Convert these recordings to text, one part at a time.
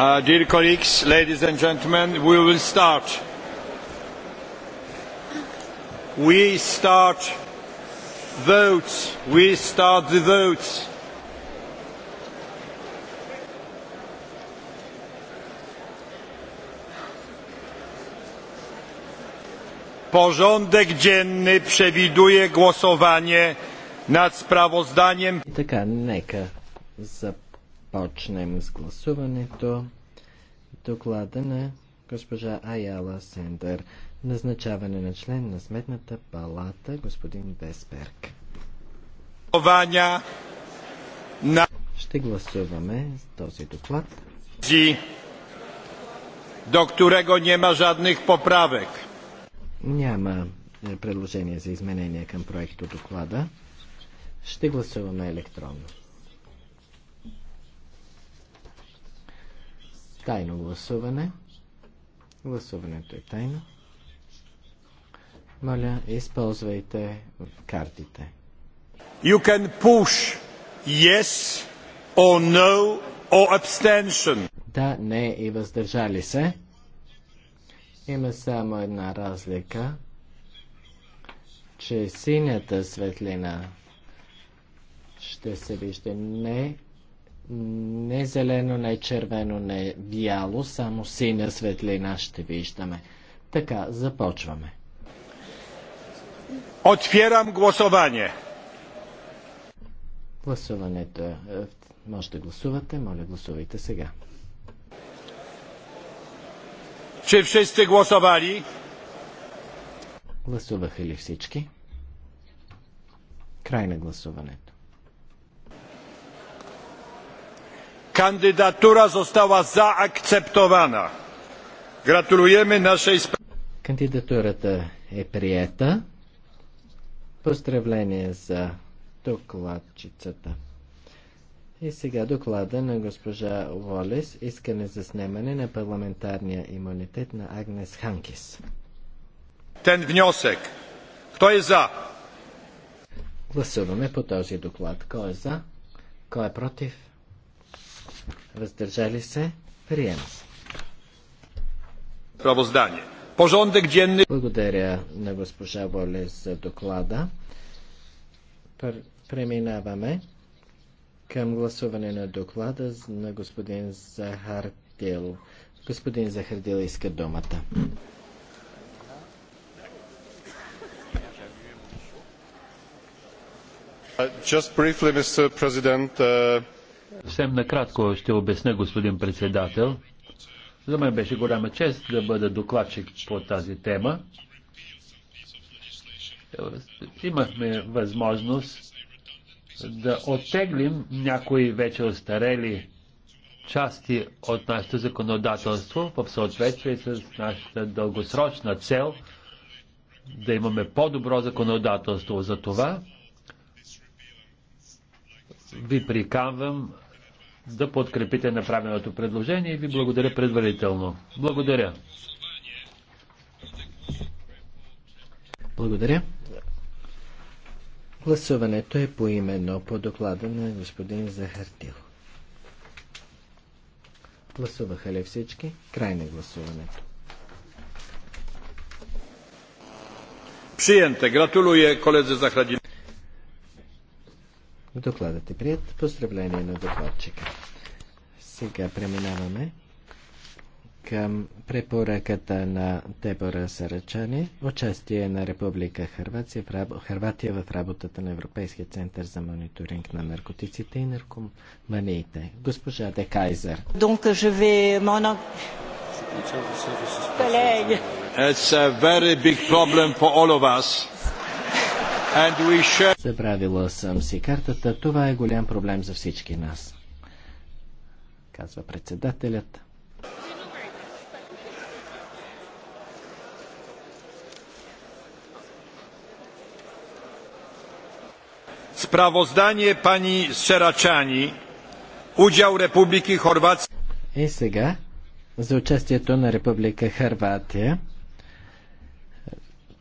Uh, dear colleagues, ladies and gentlemen, we will start. We start votes. We start the votes. Porządek dzienny przewiduje głosowanie nad sprawozdaniem. Taka, neka, zap започнем с гласуването. Доклада на госпожа Аяла Сендер. Назначаване на член на Сметната палата, господин Бесберг. Ще гласуваме този доклад. До którego няма жадних поправек. Няма предложение за изменение към проекто доклада. Ще гласуваме електронно. Тайно гласуване. Гласуването е тайно. Моля, използвайте картите. You can push yes or no or abstention. Да, не и въздържали се. Има само една разлика, че синята светлина ще се вижда не не зелено, не червено, не бяло, само синя светлина ще виждаме. Така, започваме. Отвирам гласование. Гласуването е, е. Може да гласувате, моля гласувайте сега. Чи всички гласували? Гласуваха ли всички? Край на гласуването. Kandydatura została zaakceptowana. Gratulujemy naszej Кандидатурата е приета. Поздравление за докладчицата. И сега доклада на госпожа Уолес искане за снемане на парламентарния имунитет на Агнес Ханкис. Ten wniosek. Kto je za? Гласуваме по този доклад. Кой е за? Кой е против? въздържали се, приема се. Правоздание. Пожондък дженни... Благодаря на госпожа Воле за доклада. Пр... Преминаваме към гласуване на доклада на господин Захардил. Господин Захардил иска думата. Just briefly, Mr. President, uh... Всем накратко ще обясня, господин председател. За мен беше голяма чест да бъда докладчик по тази тема. Имахме възможност да оттеглим някои вече остарели части от нашето законодателство в съответствие с нашата дългосрочна цел да имаме по-добро законодателство. За това ви приканвам да подкрепите направеното предложение и ви благодаря предварително. Благодаря. Благодаря. Гласуването е поименно по доклада на господин Захартил. Гласуваха ли всички? Край на гласуването. Przyjęte. Gratuluję koledze Zachradzilowi. Докладът е прият. Поздравление на докладчика. Сега преминаваме към препоръката на Дебора Сарачани, участие на Република Харватия в, раб... Харватия в работата на Европейския център за мониторинг на наркотиците и наркоманиите. Госпожа Де Кайзер. It's a very big problem for all of us. Забравила съм си картата. Това е голям проблем за всички нас. Казва председателят. Справоздание пани Серачани. удял Републики Хорватска. И сега за участието на Република Харватия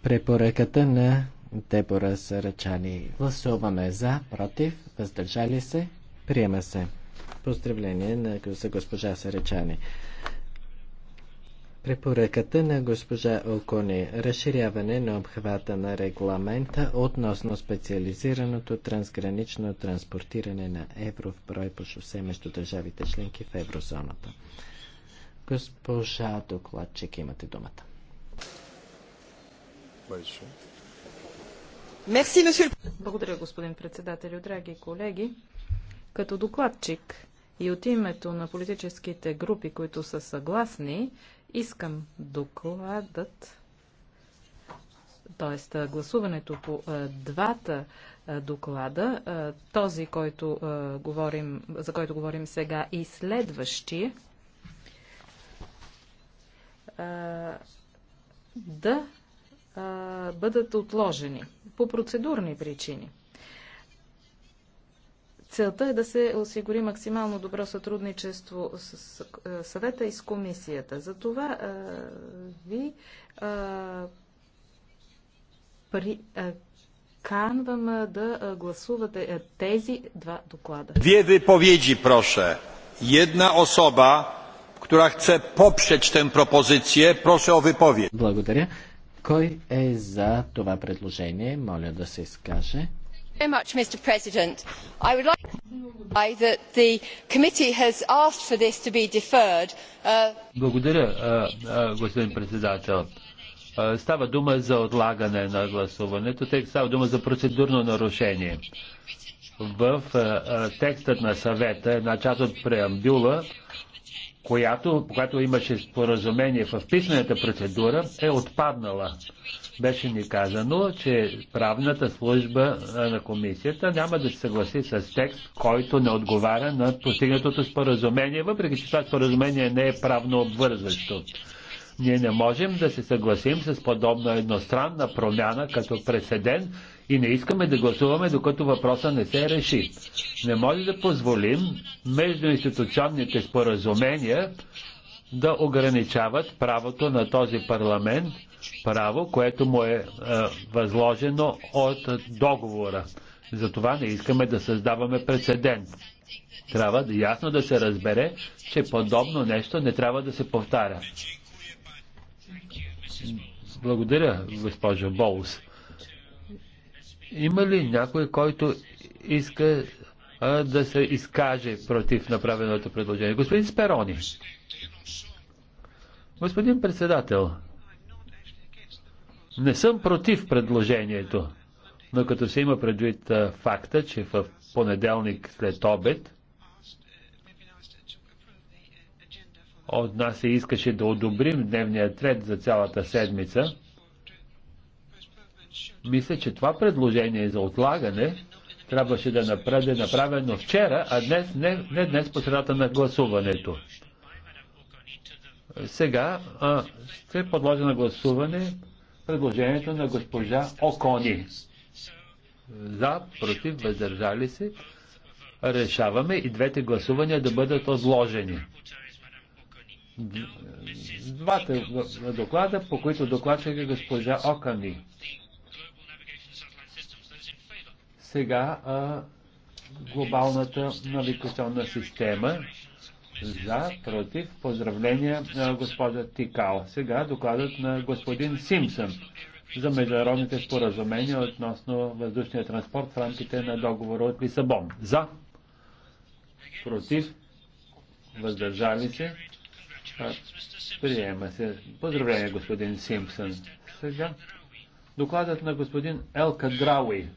препоръката на Дебора Сарачани. Гласуваме за, против, въздържали се, приема се. Поздравление на, за госпожа Сарачани. Препоръката на госпожа Окони разширяване на обхвата на регламента относно специализираното трансгранично транспортиране на евро в брой по шосе между държавите членки в еврозоната. Госпожа докладчик, имате думата. Большое. Благодаря, господин председател, Драги колеги, като докладчик и от името на политическите групи, които са съгласни, искам докладът, т.е. гласуването по двата доклада, този, който, говорим, за който говорим сега и следващия, да а, бъдат отложени по процедурни причини. Целта е да се осигури максимално добро сътрудничество с съвета и с комисията. Затова а, ви а, при, а, канвам да гласувате тези два доклада. Две виповеди проше една особа, която хоче poprzeć tę пропозиция, proszę о wypowiedź. Благодаря. Кой е за това предложение? Моля да се изкаже. Uh, Благодаря, господин председател. Става дума за отлагане на гласуването, тъй като става дума за процедурно нарушение. В текстът на съвета, една част от преамбюла, която, която имаше споразумение в писмената процедура, е отпаднала. Беше ни казано, че правната служба на комисията няма да се съгласи с текст, който не отговаря на постигнатото споразумение, въпреки че това споразумение не е правно обвързващо. Ние не можем да се съгласим с подобна едностранна промяна като прецедент и не искаме да гласуваме, докато въпроса не се реши. Не може да позволим междуинституционните споразумения да ограничават правото на този парламент, право, което му е, е възложено от договора. Затова не искаме да създаваме прецедент. Трябва да ясно да се разбере, че подобно нещо не трябва да се повтаря. Благодаря, госпожо Боус. Има ли някой, който иска а, да се изкаже против направеното предложение? Господин Сперони. Господин председател, не съм против предложението, но като се има предвид а, факта, че в понеделник след обед от нас се искаше да одобрим дневния ред за цялата седмица, мисля, че това предложение за отлагане трябваше да направи е направено вчера, а днес не, не днес по средата на гласуването. Сега а, ще подложа на гласуване предложението на госпожа Окони. За, против, въздържали се. Решаваме и двете гласувания да бъдат отложени. Двата доклада, по които докладчик е госпожа Окани сега а, глобалната навигационна система. За, против, поздравления на госпожа Тикал. Сега докладът на господин Симпсън за международните споразумения относно въздушния транспорт в рамките на договора от Лисабон. За, против, въздържали се, приема се. Поздравление, господин Симпсън. Сега докладът на господин Елка Драуи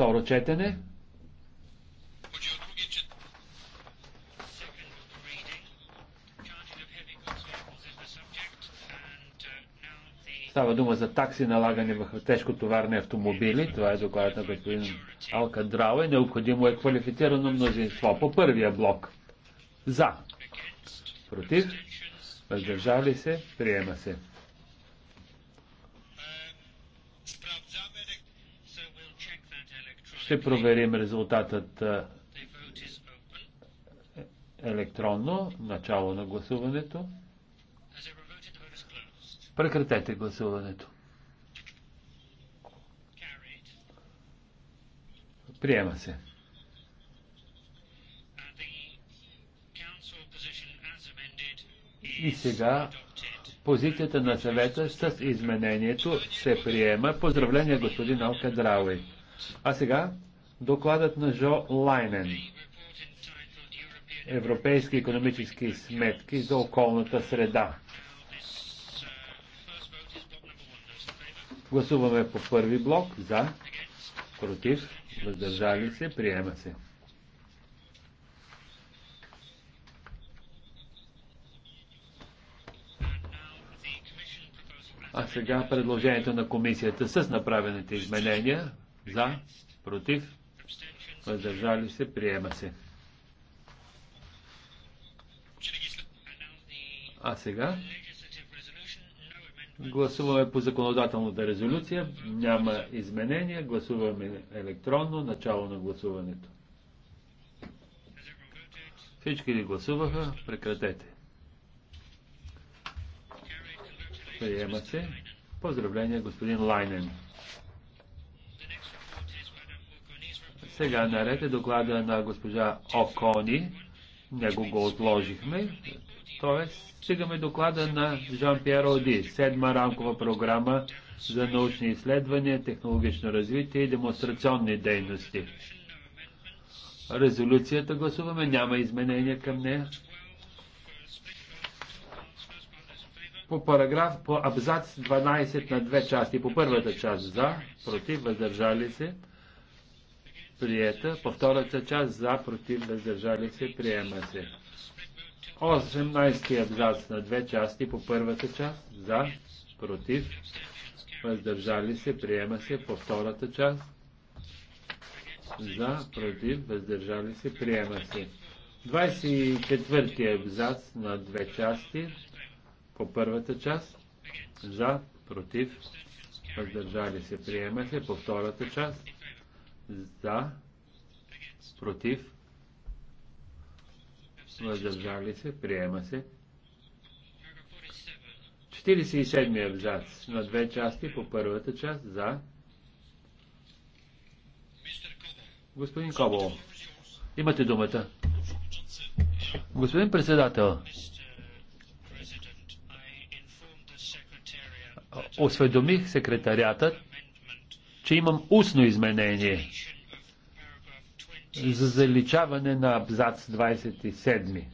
второ четене. Става дума за такси, налагани върху тежкотоварни автомобили. Това е докладът на господин Алка Алкадрауе. Необходимо е квалифицирано мнозинство по първия блок. За. Против. Въздържали се. Приема се. Ще проверим резултатът електронно, начало на гласуването. Прекратете гласуването. Приема се. И сега позицията на съвета с изменението се приема. Поздравление господин Алкадрауи. А сега докладът на Жо Лайнен. Европейски економически сметки за околната среда. Гласуваме по първи блок за, против, въздържали се, приема се. А сега предложението на комисията с направените изменения. За, против, въздържали се, приема се. А сега гласуваме по законодателната резолюция. Няма изменения. Гласуваме електронно. Начало на гласуването. Всички ли гласуваха? Прекратете. Приема се. Поздравление, господин Лайнен. Сега наред е доклада на госпожа Окони. Него го отложихме. Тоест, стигаме доклада на Жан-Пьер Оди. Седма рамкова програма за научни изследвания, технологично развитие и демонстрационни дейности. Резолюцията гласуваме. Няма изменения към нея. по параграф, по абзац 12 на две части. По първата част за, против, въздържали се приета. По втората част за, против, въздържали се, приема се. 18 абзац на две части по първата част за, против, въздържали се, приема се по втората част за, против, въздържали се, приема се. 24 абзац на две части по първата част за, против, въздържали се, приема се по втората част за. Против. Въздържали се. Приема се. 47-ми абзац на две части по първата част. За. Господин Кобол, имате думата. Господин председател, осведомих секретарятът, че имам устно изменение за заличаване на абзац 27.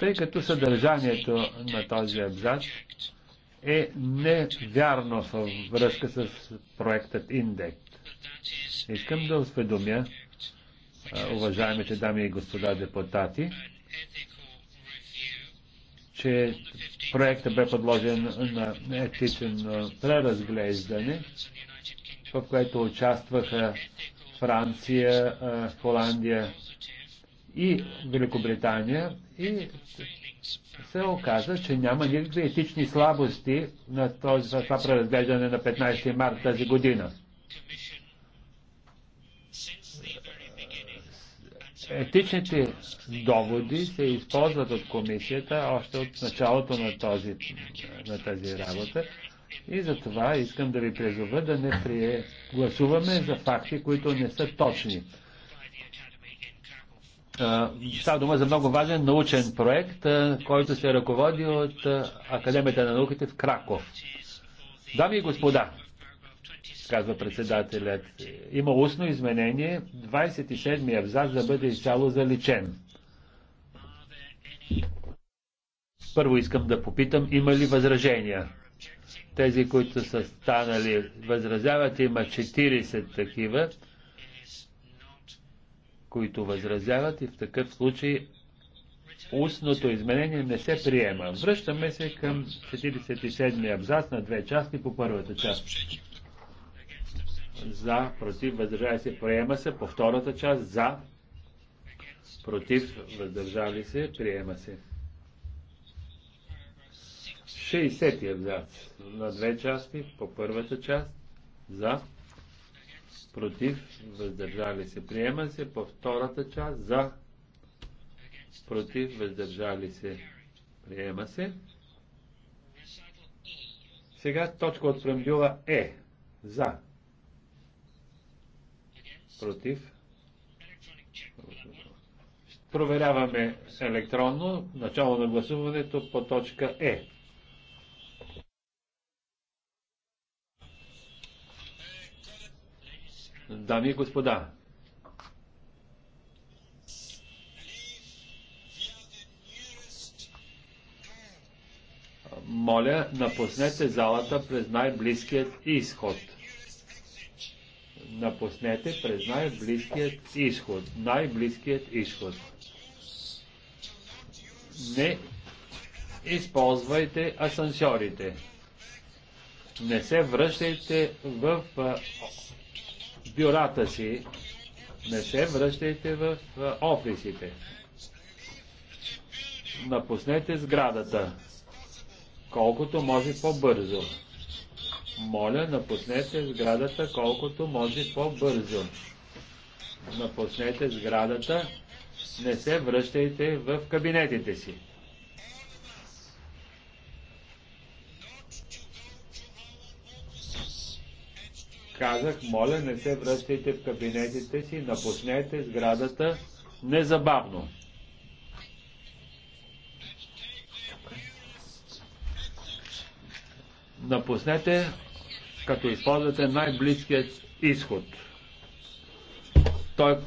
Тъй като съдържанието на този абзац е невярно във връзка с проектът Индект. Искам да осведомя, уважаемите дами и господа депутати, че проектът бе подложен на етично преразглеждане в което участваха Франция, Холандия и Великобритания и се оказа, че няма никакви етични слабости на този, това преразглеждане на 15 марта тази година. Етичните доводи се използват от комисията още от началото на, този, на тази работа и затова искам да ви призова да не прие... гласуваме за факти, които не са точни. Става дума за много важен научен проект, който се ръководи от Академията на науките в Краков. Дами и господа, казва председателят, има устно изменение, 27-ми абзац да бъде изцяло заличен. Първо искам да попитам, има ли възражения? Тези, които са станали, възразяват, има 40 такива, които възразяват и в такъв случай устното изменение не се приема. Връщаме се към 47-ми абзац на две части по първата част. За, против, въздържали се, приема се. По втората част, за, против, въздържали се, приема се. 60-я абзац на две части, по първата част, за, против, въздържали се, приема се, по втората част, за, против, въздържали се, приема се. Сега точка от преамбюла е за, против. Проверяваме електронно начало на гласуването по точка Е. дами и господа. Моля, напуснете залата през най-близкият изход. Напуснете през най-близкият изход. Най-близкият изход. Не използвайте асансьорите. Не се връщайте в бюрата си, не се връщайте в офисите. Напуснете сградата, колкото може по-бързо. Моля, напуснете сградата колкото може по-бързо. Напуснете сградата, не се връщайте в кабинетите си. казах, моля, не се връщайте в кабинетите си, напуснете сградата незабавно. Напуснете, като използвате най-близкият изход. Той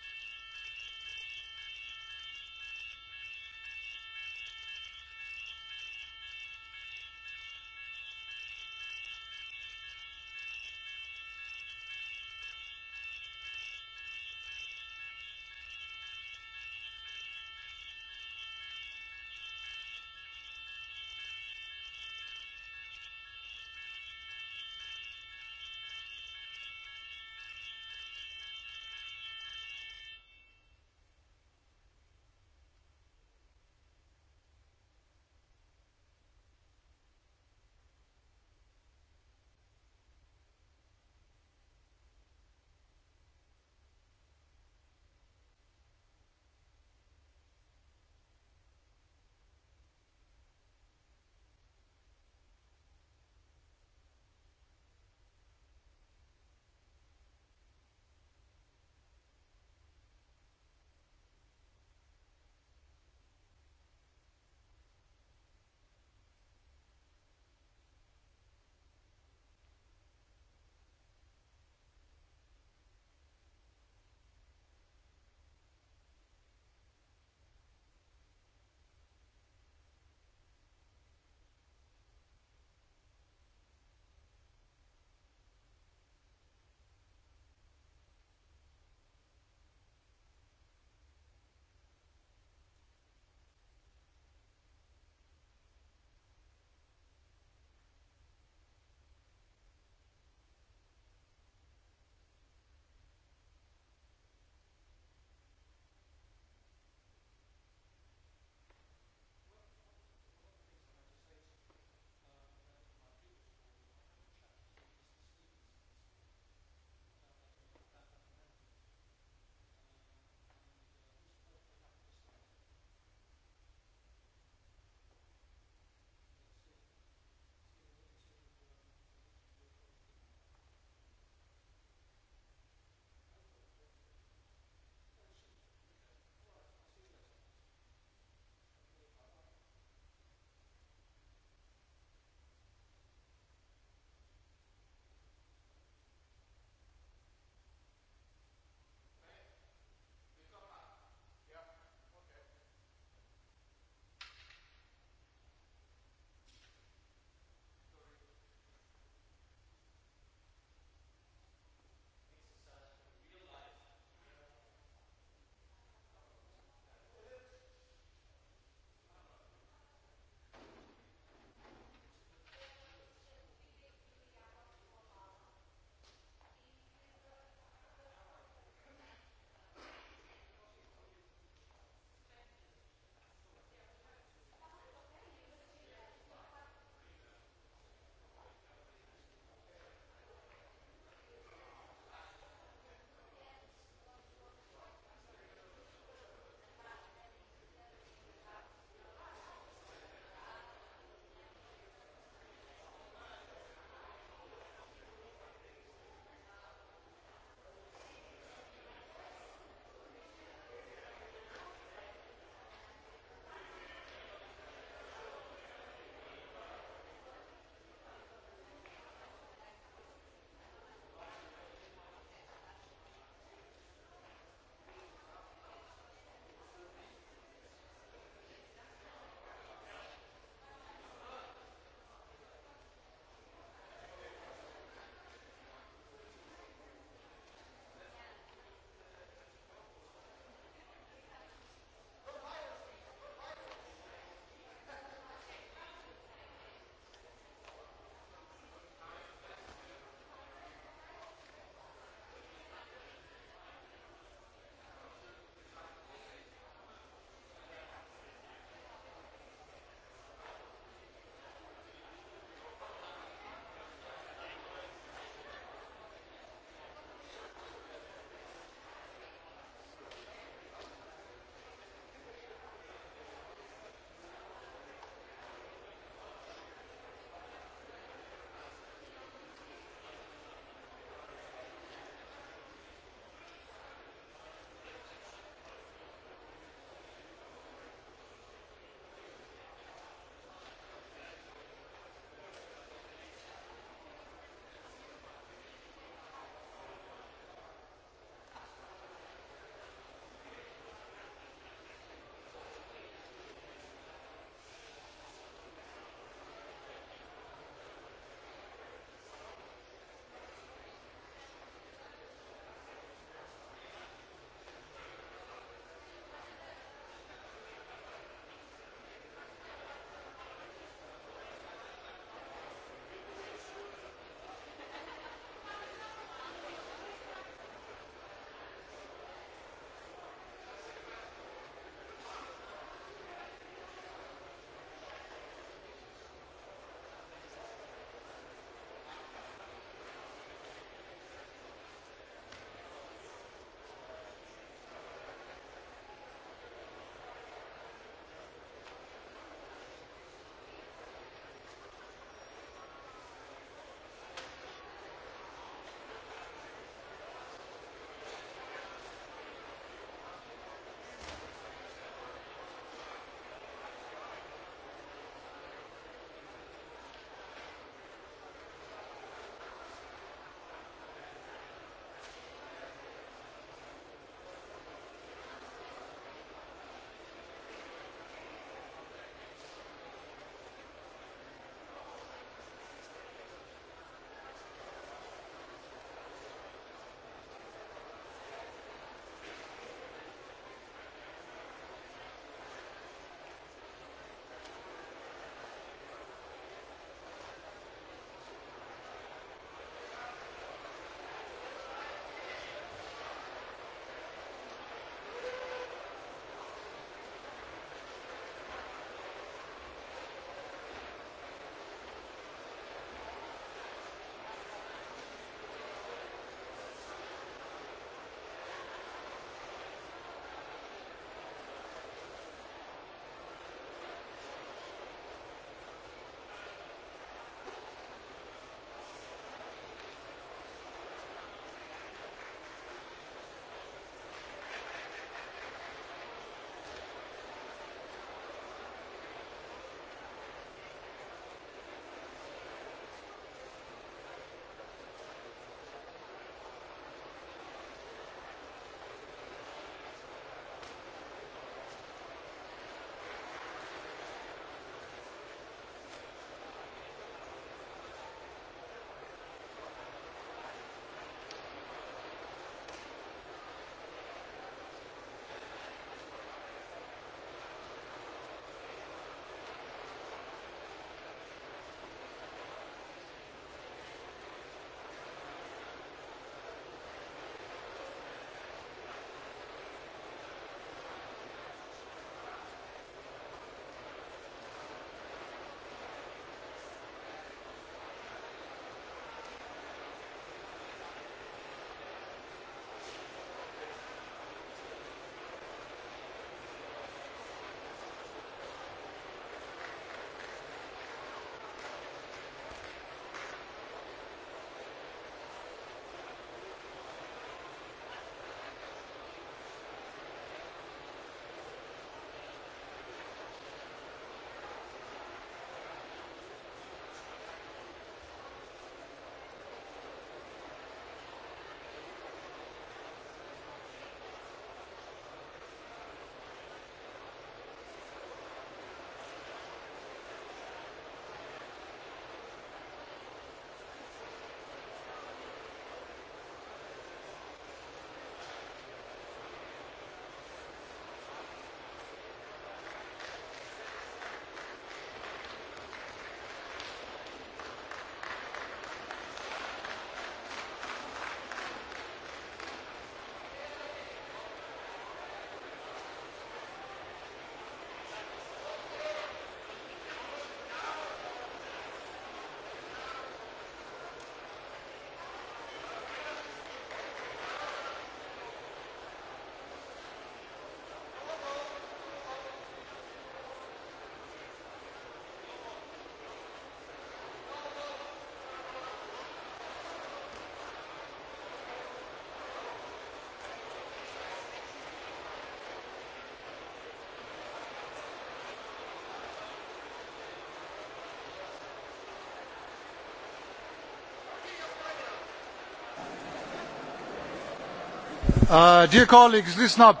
Uh, dear colleagues, listen up.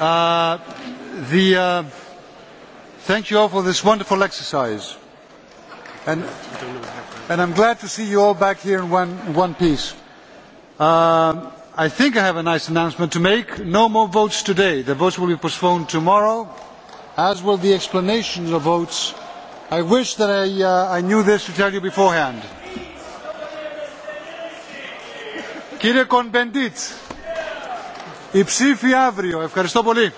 Uh, the, uh, thank you all for this wonderful exercise. And, and I'm glad to see you all back here in one, one piece. Uh, I think I have a nice announcement to make. No more votes today. The votes will be postponed tomorrow, as will the explanations of votes. I wish that I, uh, I knew this to tell you beforehand Κύριε Κονπεντίτς, η ψήφη αύριο. Ευχαριστώ πολύ.